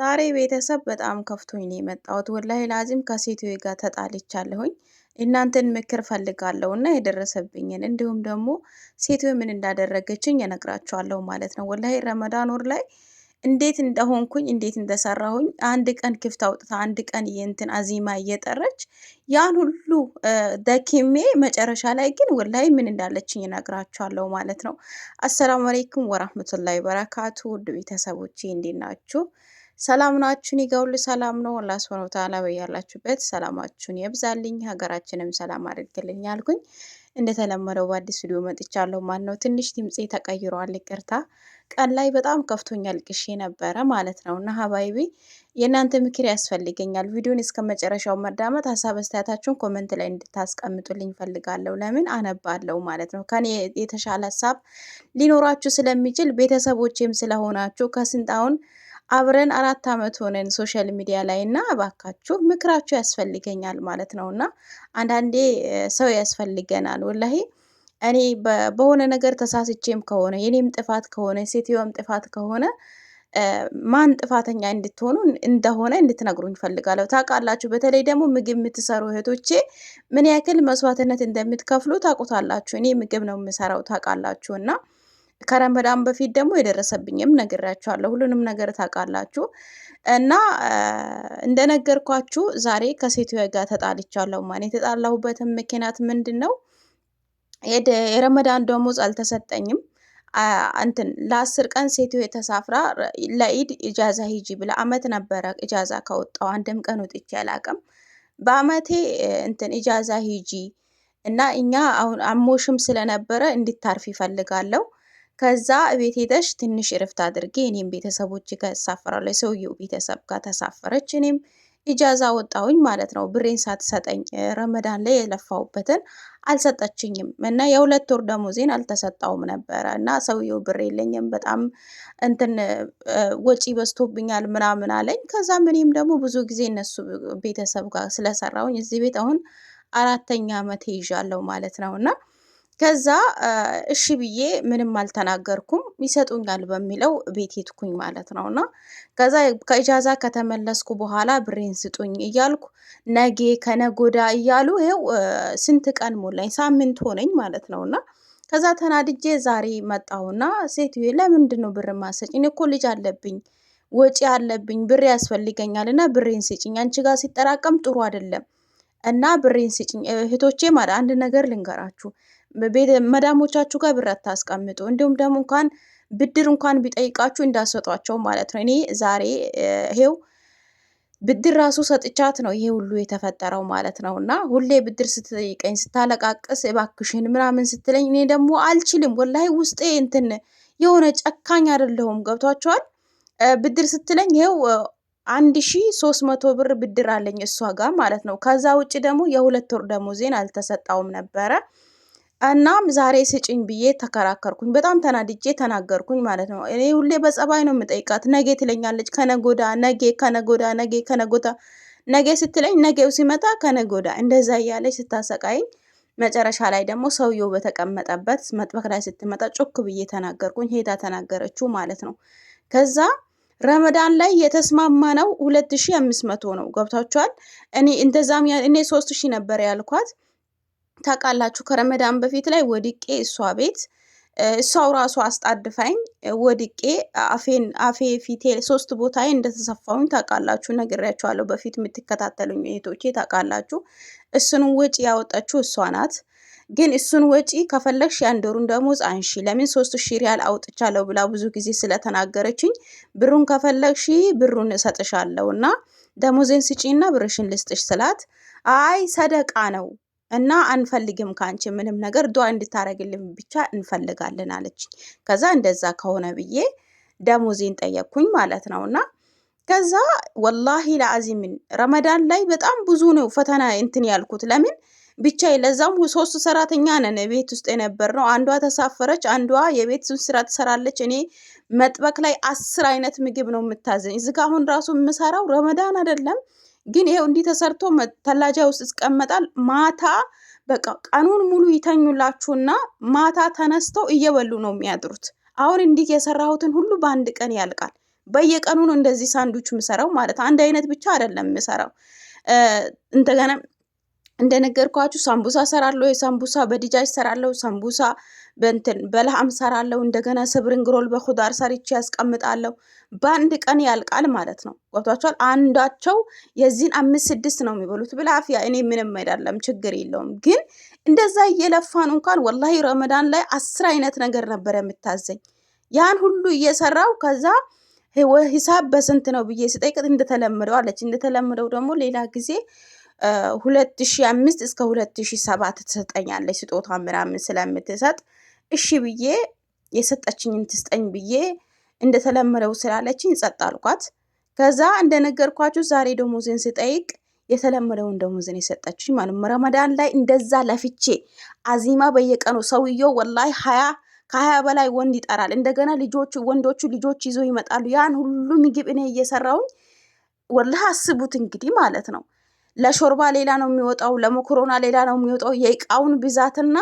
ዛሬ ቤተሰብ በጣም ከፍቶኝ ነው የመጣሁት። ወላሂ ላዚም ከሴትዮ ጋር ተጣልቻለሁኝ። እናንተን ምክር ፈልጋለሁ እና የደረሰብኝን እንዲሁም ደግሞ ሴትዮ ምን እንዳደረገችኝ እነግራችኋለሁ ማለት ነው። ወላሂ ረመዳን ወር ላይ እንዴት እንደሆንኩኝ እንዴት እንደሰራሁኝ አንድ ቀን ክፍት አውጥታ አንድ ቀን የእንትን አዚማ እየጠረች ያን ሁሉ ደኪሜ መጨረሻ ላይ ግን ወላይ ምን እንዳለችኝ እነግራችኋለሁ ማለት ነው። አሰላሙ አለይኩም ወራህመቱላሂ በረካቱ ውድ ቤተሰቦቼ እንዴት ናችሁ? ሰላም ናችሁን? ይገውል ሰላም ነው። አላህ ሱብሐነሁ ወተዓላ በያላችሁበት ሰላማችሁን የብዛልኝ፣ ሀገራችንም ሰላም አድርግልኝ አልኩኝ። እንደተለመደው በአዲስ ቪዲዮ መጥቻለሁ። ማን ነው ትንሽ ድምፄ ተቀይሯል፣ ይቅርታ። ቀን ላይ በጣም ከፍቶኛል፣ ቅሼ ነበረ ማለት ነው። እና ሀባይቢ የእናንተ ምክር ያስፈልገኛል። ቪዲዮን እስከ መጨረሻው መዳመጥ፣ ሀሳብ አስተያየታችሁን ኮመንት ላይ እንድታስቀምጡልኝ ፈልጋለሁ። ለምን አነባለሁ ማለት ነው። ከኔ የተሻለ ሀሳብ ሊኖራችሁ ስለሚችል ቤተሰቦቼም ስለሆናችሁ ከስንጣውን አብረን አራት ዓመት ሆነን ሶሻል ሚዲያ ላይ እና እባካችሁ ምክራችሁ ያስፈልገኛል ማለት ነው። እና አንዳንዴ ሰው ያስፈልገናል ወላሂ እኔ በሆነ ነገር ተሳስቼም ከሆነ የኔም ጥፋት ከሆነ ሴትዮም ጥፋት ከሆነ ማን ጥፋተኛ እንድትሆኑ እንደሆነ እንድትነግሩኝ ይፈልጋለሁ ታውቃላችሁ፣ በተለይ ደግሞ ምግብ የምትሰሩ እህቶቼ ምን ያክል መስዋዕትነት እንደምትከፍሉ ታውቁታላችሁ። እኔ ምግብ ነው የምሰራው ታውቃላችሁ እና ከረመዳን በፊት ደግሞ የደረሰብኝም ነግራችኋለሁ። ሁሉንም ነገር ታውቃላችሁ። እና እንደነገርኳችሁ ዛሬ ከሴትዮ ጋር ተጣልቻለሁ። ማን የተጣላሁበትን ምክንያት ምንድን ነው? የረመዳን ደሞዝ አልተሰጠኝም። እንትን ለአስር ቀን ሴትዮ የተሳፍራ ለኢድ እጃዛ ሂጂ ብላ አመት ነበረ እጃዛ ከወጣው አንድም ቀን ውጥቼ አላቅም። በአመቴ እንትን እጃዛ ሂጂ እና እኛ አሁን አሞሽም ስለነበረ እንዲታርፍ ይፈልጋለሁ ከዛ ቤት ሄደሽ ትንሽ እረፍት አድርጌ እኔም ቤተሰቦች ጋር ተሳፈራለሁ። ሰውየው ቤተሰብ ጋር ተሳፈረች፣ እኔም ኢጃዛ ወጣሁኝ ማለት ነው። ብሬን ሳትሰጠኝ ረመዳን ላይ የለፋሁበትን አልሰጠችኝም እና የሁለት ወር ደሞዜን አልተሰጣውም ነበረ እና ሰውየው ብር የለኝም በጣም እንትን ወጪ በዝቶብኛል ምናምን አለኝ። ከዛ እኔም ደግሞ ብዙ ጊዜ እነሱ ቤተሰብ ጋር ስለሰራውኝ እዚህ ቤት አሁን አራተኛ ዓመት ይዣለሁ ማለት ነው እና ከዛ እሺ ብዬ ምንም አልተናገርኩም። ይሰጡኛል በሚለው ቤት ሄድኩኝ ማለት ነው። እና ከዛ ከእጃዛ ከተመለስኩ በኋላ ብሬን ስጡኝ እያልኩ ነጌ ከነጎዳ እያሉ ይኸው ስንት ቀን ሞላኝ፣ ሳምንት ሆነኝ ማለት ነው። እና ከዛ ተናድጄ ዛሬ መጣሁና ሴትዬ ለምንድን ነው ብር ማሰጭኝ? እኮ ልጅ አለብኝ ወጪ አለብኝ ብር ያስፈልገኛል እና ብሬን ስጭኝ። አንቺ ጋር ሲጠራቀም ጥሩ አይደለም እና ብሬን ስጭኝ። እህቶቼ አንድ ነገር ልንገራችሁ መዳሞቻችሁ ጋር ብር አታስቀምጡ። እንዲሁም ደግሞ እንኳን ብድር እንኳን ቢጠይቃችሁ እንዳሰጧቸው ማለት ነው። እኔ ዛሬ ይሄው ብድር ራሱ ሰጥቻት ነው ይሄ ሁሉ የተፈጠረው ማለት ነው። እና ሁሌ ብድር ስትጠይቀኝ ስታለቃቅስ እባክሽን ምናምን ስትለኝ እኔ ደግሞ አልችልም ወላሂ ውስጤ እንትን የሆነ ጨካኝ አይደለሁም ገብቷቸዋል። ብድር ስትለኝ ይሄው አንድ ሺ ሶስት መቶ ብር ብድር አለኝ እሷ ጋር ማለት ነው። ከዛ ውጭ ደግሞ የሁለት ወር ደሞዜን አልተሰጣውም ነበረ። እናም ዛሬ ስጭኝ ብዬ ተከራከርኩኝ። በጣም ተናድጄ ተናገርኩኝ ማለት ነው። እኔ ሁሌ በጸባይ ነው የምጠይቃት። ነጌ ትለኛለች፣ ከነጎዳ ነጌ፣ ከነጎዳ ነጌ፣ ከነጎዳ ነጌ ስትለኝ ነጌው ሲመጣ ከነጎዳ እንደዛ እያለች ስታሰቃይኝ፣ መጨረሻ ላይ ደግሞ ሰውየው በተቀመጠበት መጥበክ ላይ ስትመጣ ጮክ ብዬ ተናገርኩኝ። ሄዳ ተናገረችው ማለት ነው። ከዛ ረመዳን ላይ የተስማማ ነው ሁለት ሺ አምስት መቶ ነው ገብታችኋል። እኔ እንደዛም እኔ ሶስት ሺ ነበር ያልኳት ታውቃላችሁ ከረመዳን በፊት ላይ ወድቄ እሷ ቤት እሷው ራሱ አስጣድፋኝ ወድቄ አፌን አፌ ፊቴ ሶስት ቦታዬ እንደተሰፋሁኝ ታውቃላችሁ፣ ነግሬያችኋለሁ። በፊት የምትከታተሉኝ እህቶቼ ታውቃላችሁ። እሱን ወጪ ያወጣችሁ እሷ ናት። ግን እሱን ወጪ ከፈለግሽ ያንደሩን ደሞዝ አንሺ፣ ለምን ሶስት ሺ ሪያል አውጥቻለሁ ብላ ብዙ ጊዜ ስለተናገረችኝ ብሩን ከፈለግሺ ብሩን እሰጥሻለሁ እና ደሞዜን ስጪና ብርሽን ልስጥሽ ስላት አይ ሰደቃ ነው እና አንፈልግም ከአንቺ ምንም ነገር ዱዓ እንድታረግልን ብቻ እንፈልጋለን አለችኝ። ከዛ እንደዛ ከሆነ ብዬ ደሞዜን ጠየቅኩኝ ማለት ነው እና ከዛ ወላሂ ለአዚምን ረመዳን ላይ በጣም ብዙ ነው ፈተና እንትን ያልኩት ለምን ብቻ ለዛም ሶስት ሰራተኛ ነን ቤት ውስጥ የነበር ነው። አንዷ ተሳፈረች፣ አንዷ የቤት ስራ ትሰራለች። እኔ መጥበቅ ላይ አስር አይነት ምግብ ነው የምታዘኝ። እዚህ ጋ አሁን ራሱ የምሰራው ረመዳን አይደለም ግን ይሄው እንዲህ ተሰርቶ ተላጃ ውስጥ ይቀመጣል። ማታ በቃ ቀኑን ሙሉ ይተኙላችሁና ማታ ተነስተው እየበሉ ነው የሚያድሩት። አሁን እንዲህ የሰራሁትን ሁሉ በአንድ ቀን ያልቃል። በየቀኑ ነው እንደዚህ ሳንዱች ምሰራው ማለት አንድ አይነት ብቻ አይደለም ምሰራው እንደገና እንደነገርኳችሁ ሳምቡሳ ሰራለሁ፣ የሳምቡሳ በዲጃጅ ሰራለሁ፣ ሳምቡሳ በንትን በለሃም ሰራለሁ። እንደገና ስብርን ሮል በኩዳር ሰርቼ ያስቀምጣለሁ። በአንድ ቀን ያልቃል ማለት ነው። ገብቷችኋል? አንዳቸው የዚህን አምስት ስድስት ነው የሚበሉት። ብላፊያ እኔ ምንም አይደለም፣ ችግር የለውም። ግን እንደዛ እየለፋን እንኳን ወላሂ ረመዳን ላይ አስር አይነት ነገር ነበር የምታዘኝ። ያን ሁሉ እየሰራው ከዛ ሂሳብ በስንት ነው ብዬ ስጠይቅ እንደተለመደው አለች። እንደተለመደው ደግሞ ሌላ ጊዜ ሁለት ሺ አምስት እስከ ሁለት ሺ ሰባት ትሰጠኛለች ስጦታ ምናምን ስለምትሰጥ እሺ ብዬ የሰጠችኝን ትስጠኝ ብዬ እንደተለመደው ስላለችኝ ጸጥ አልኳት። ከዛ እንደነገርኳችሁ ዛሬ ደሞዝን ስጠይቅ የተለመደውን ደሞዝን የሰጠችኝ ማለት ነው። ረመዳን ላይ እንደዛ ለፍቼ አዚማ በየቀኑ ሰውየው ወላሂ ሀያ ከሀያ በላይ ወንድ ይጠራል። እንደገና ልጆቹ ወንዶቹ ልጆች ይዞ ይመጣሉ። ያን ሁሉ ምግብ እኔ እየሰራውኝ ወላህ አስቡት እንግዲህ ማለት ነው። ለሾርባ ሌላ ነው የሚወጣው፣ ለመኮሮና ሌላ ነው የሚወጣው። የእቃውን ብዛትና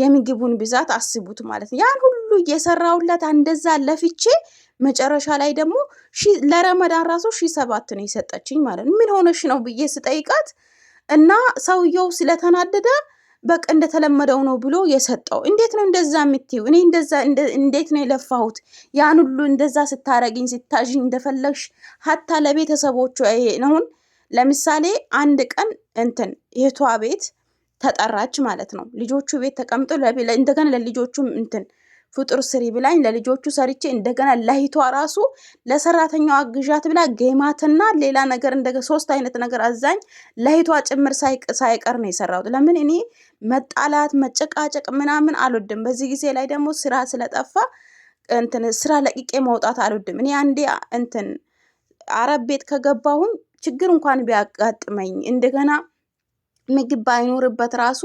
የምግቡን ብዛት አስቡት ማለት ነው። ያን ሁሉ እየሰራውለት እንደዛ ለፍቼ መጨረሻ ላይ ደግሞ ለረመዳን ራሱ ሺ ሰባት ነው የሰጠችኝ ማለት ነው። ምን ሆነሽ ነው ብዬ ስጠይቃት እና ሰውየው ስለተናደደ በቃ እንደተለመደው ነው ብሎ የሰጠው። እንዴት ነው እንደዛ የምትይው? እኔ እንደዛ እንዴት ነው የለፋሁት? ያን ሁሉ እንደዛ ስታረግኝ ስታዥኝ እንደፈለግሽ ሀታ ለቤተሰቦቹ ነሁን ለምሳሌ አንድ ቀን እንትን እህቷ ቤት ተጠራች ማለት ነው። ልጆቹ ቤት ተቀምጦ እንደገና ለልጆቹም እንትን ፍጡር ስሪ ብላኝ ለልጆቹ ሰርቼ እንደገና ለሂቷ ራሱ ለሰራተኛዋ ግዣት ብላ ጌማትና ሌላ ነገር እንደ ሶስት አይነት ነገር አዛኝ ለሂቷ ጭምር ሳይቀር ነው የሰራሁት። ለምን እኔ መጣላት፣ መጨቃጨቅ ምናምን አልወድም። በዚህ ጊዜ ላይ ደግሞ ስራ ስለጠፋ እንትን ስራ ለቅቄ መውጣት አልወድም። እኔ አንዴ እንትን አረብ ቤት ከገባሁኝ ችግር እንኳን ቢያጋጥመኝ እንደገና ምግብ ባይኖርበት ራሱ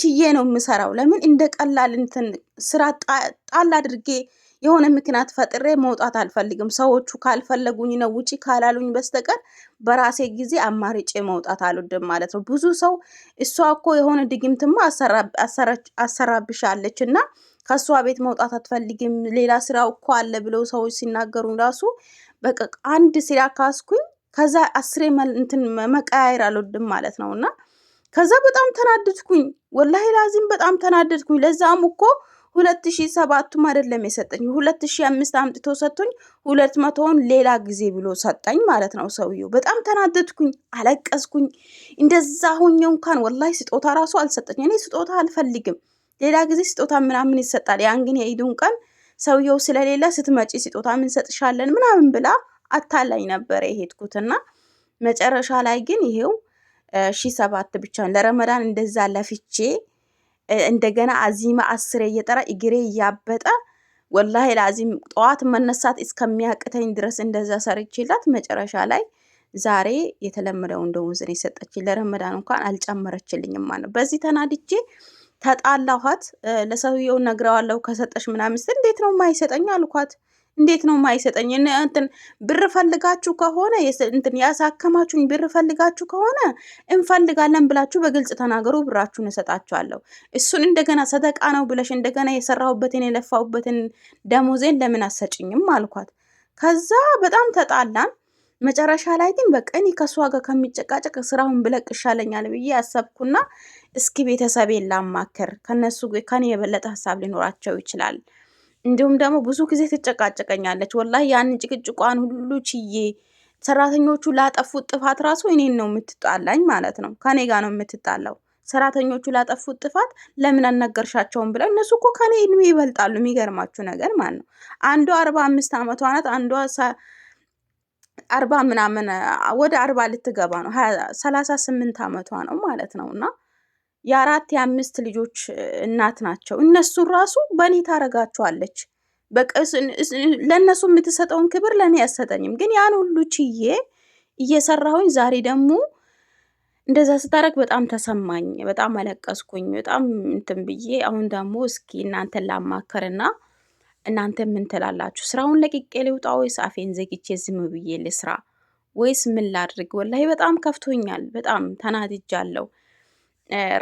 ችዬ ነው የምሰራው። ለምን እንደ ቀላል እንትን ስራ ጣል አድርጌ የሆነ ምክንያት ፈጥሬ መውጣት አልፈልግም። ሰዎቹ ካልፈለጉኝ ነው ውጪ ካላሉኝ በስተቀር በራሴ ጊዜ አማርጬ መውጣት አልወድም ማለት ነው። ብዙ ሰው እሷ እኮ የሆነ ድግምትማ አሰራብሻለች እና ከእሷ ቤት መውጣት አትፈልግም ሌላ ስራ እኮ አለ ብለው ሰዎች ሲናገሩኝ ራሱ በቃ አንድ ስራ ካስኩኝ ከዛ አስሬ እንትን መቀያየር አልወድም ማለት ነው። እና ከዛ በጣም ተናደድኩኝ፣ ወላሂ ላዚም በጣም ተናደድኩኝ። ለዛም እኮ ሁለት ሺ ሰባቱም አይደለም የሰጠኝ ሁለት ሺ አምስት አምጥቶ ሰጥቶኝ ሁለት መቶውን ሌላ ጊዜ ብሎ ሰጠኝ ማለት ነው ሰውየው። በጣም ተናደድኩኝ፣ አለቀስኩኝ። እንደዛ ሆኜ እንኳን ወላሂ ስጦታ ራሱ አልሰጠኝ። እኔ ስጦታ አልፈልግም። ሌላ ጊዜ ስጦታ ምናምን ይሰጣል። ያን ግን የኢዱን ቀን ሰውየው ስለሌለ ስትመጪ ስጦታ ሰጥሻለን ምናምን ብላ አታላኝ ነበረ የሄድኩትና መጨረሻ ላይ ግን ይሄው ሺ ሰባት ብቻ ለረመዳን እንደዛ ለፍቼ እንደገና አዚማ አስሬ እየጠራ እግሬ እያበጠ ወላሂ ለአዚም ጠዋት መነሳት እስከሚያቅተኝ ድረስ እንደዛ ሰርችላት መጨረሻ ላይ ዛሬ የተለመደውን ደሞዝን የሰጠች ለረመዳን እንኳን አልጨመረችልኝም ማለት ነው። በዚህ ተናድቼ ተጣላኋት። ለሰውየው ነግረዋለሁ ከሰጠሽ ምናምን እንዴት ነው ማይሰጠኝ አልኳት። እንዴት ነው ማይሰጠኝ? እንትን ብር ፈልጋችሁ ከሆነ እንትን ያሳከማችሁኝ ብር ፈልጋችሁ ከሆነ እንፈልጋለን ብላችሁ በግልጽ ተናገሩ፣ ብራችሁን እሰጣችኋለሁ። እሱን እንደገና ሰደቃ ነው ብለሽ እንደገና የሰራሁበትን የለፋሁበትን ደሞዜን ለምን አሰጭኝም አልኳት። ከዛ በጣም ተጣላን። መጨረሻ ላይ ግን በቃ እኔ ከእሷ ጋር ከሚጨቃጨቅ ስራውን ብለቅ ይሻለኛል ብዬ ያሰብኩና እስኪ ቤተሰቤን ላማክር፣ ከነሱ ከኔ የበለጠ ሀሳብ ሊኖራቸው ይችላል እንዲሁም ደግሞ ብዙ ጊዜ ትጨቃጨቀኛለች። ወላሂ ያንን ጭቅጭቋን ሁሉ ችዬ ሰራተኞቹ ላጠፉት ጥፋት ራሱ እኔን ነው የምትጣላኝ ማለት ነው። ከኔ ጋር ነው የምትጣላው። ሰራተኞቹ ላጠፉት ጥፋት ለምን አልነገርሻቸውም ብለው እነሱ እኮ ከኔ እድሜ ይበልጣሉ። የሚገርማችሁ ነገር ማለት ነው አንዷ አርባ አምስት አመቷ ናት። አንዷ አርባ ምናምን ወደ አርባ ልትገባ ነው። ሰላሳ ስምንት አመቷ ነው ማለት ነው እና የአራት የአምስት ልጆች እናት ናቸው። እነሱን ራሱ በእኔ ታረጋቸዋለች። ለእነሱ የምትሰጠውን ክብር ለእኔ ያሰጠኝም። ግን ያን ሁሉ ችዬ እየሰራሁኝ ዛሬ ደግሞ እንደዛ ስታደርግ በጣም ተሰማኝ። በጣም አለቀስኩኝ። በጣም እንትን ብዬ አሁን ደግሞ እስኪ እናንተን ላማከርና እናንተ ምን ትላላችሁ? ስራውን ለቅቄ ልውጣ ወይስ አፌን ዘግቼ ዝም ብዬ ልስራ ወይስ ምን ላድርግ? ወላሂ በጣም ከፍቶኛል። በጣም ተናድጃለሁ።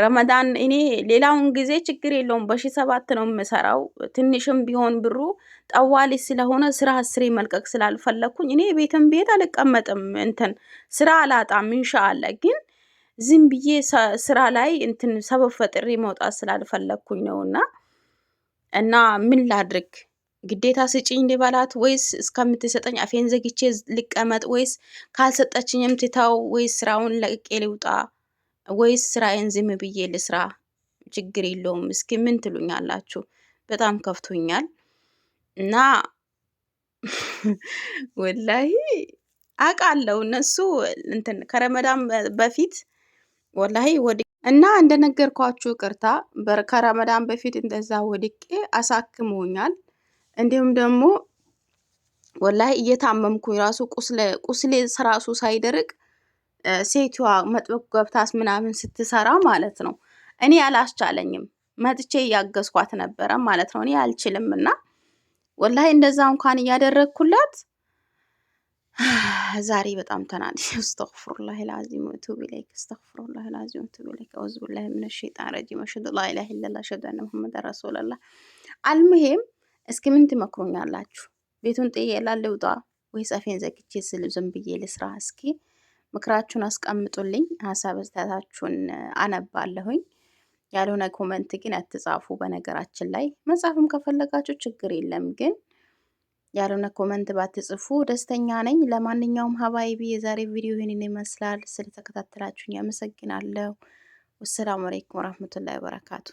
ረመዳን እኔ ሌላውን ጊዜ ችግር የለውም በሺ ሰባት ነው የምሰራው። ትንሽም ቢሆን ብሩ ጠዋሌ ስለሆነ ስራ አስሬ መልቀቅ ስላልፈለግኩኝ እኔ ቤትም ቤት አልቀመጥም፣ እንትን ስራ አላጣም። እንሻአለ ግን ዝም ብዬ ስራ ላይ እንትን ሰበብ ፈጥሬ መውጣት ስላልፈለግኩኝ ነው። እና እና ምን ላድርግ ግዴታ ስጪኝ ልበላት ወይስ እስከምትሰጠኝ አፌን ዘግቼ ልቀመጥ ወይስ ካልሰጠችኝም ትተው ወይስ ስራውን ለቅቄ ልውጣ? ወይስ ስራዬን ዝም ብዬ ልስራ? ችግር የለውም እስኪ ምን ትሉኛላችሁ? በጣም ከፍቶኛል እና ወላሂ አውቃለሁ እነሱ እንትን ከረመዳን በፊት ወላሂ ወድ እና እንደነገርኳችሁ ቅርታ ከረመዳን በፊት እንደዛ ወድቄ አሳክመውኛል እንዲሁም ደግሞ ወላሂ እየታመምኩኝ ራሱ ቁስሌ ስራሱ ሳይደርቅ ሴቷ መጥበቅ ገብታስ ምናምን ስትሰራ ማለት ነው። እኔ አላስቻለኝም መጥቼ እያገዝኳት ነበረ ማለት ነው። እኔ አልችልም እና ወላሂ እንደዛ እንኳን እያደረግኩላት ዛሬ በጣም ተናድጄ እስተግፍሩላህ ልዓዚም ወቱብ ኢለይክ እስተግፍሩላህ ልዓዚም ወቱብ ኢለይክ አዑዙ ቢላሂ ሚነ ሸይጣን ረጂም አሽዱ ላ ኢላሃ ኢለላህ አሽዱ አነ ሙሐመድ ረሱሉላህ አልሙሄም እስኪ ምን ትመክሩኛላችሁ ቤቱን ጥዬ ላልውጣ ወይ አፌን ዘግቼ ስል ዝም ብዬ ልስራ እስኪ ምክራችሁን አስቀምጡልኝ። ሀሳብ ስታታችሁን አነባለሁኝ። ያልሆነ ኮመንት ግን አትጻፉ። በነገራችን ላይ መጻፍም ከፈለጋችሁ ችግር የለም ግን ያልሆነ ኮመንት ባትጽፉ ደስተኛ ነኝ። ለማንኛውም ሀባይቢ የዛሬ ቪዲዮ ይህንን ይመስላል። ስለተከታተላችሁን ያመሰግናለሁ። ወሰላሙ አለይኩም ወራህመቱላሂ ወበረካቱ።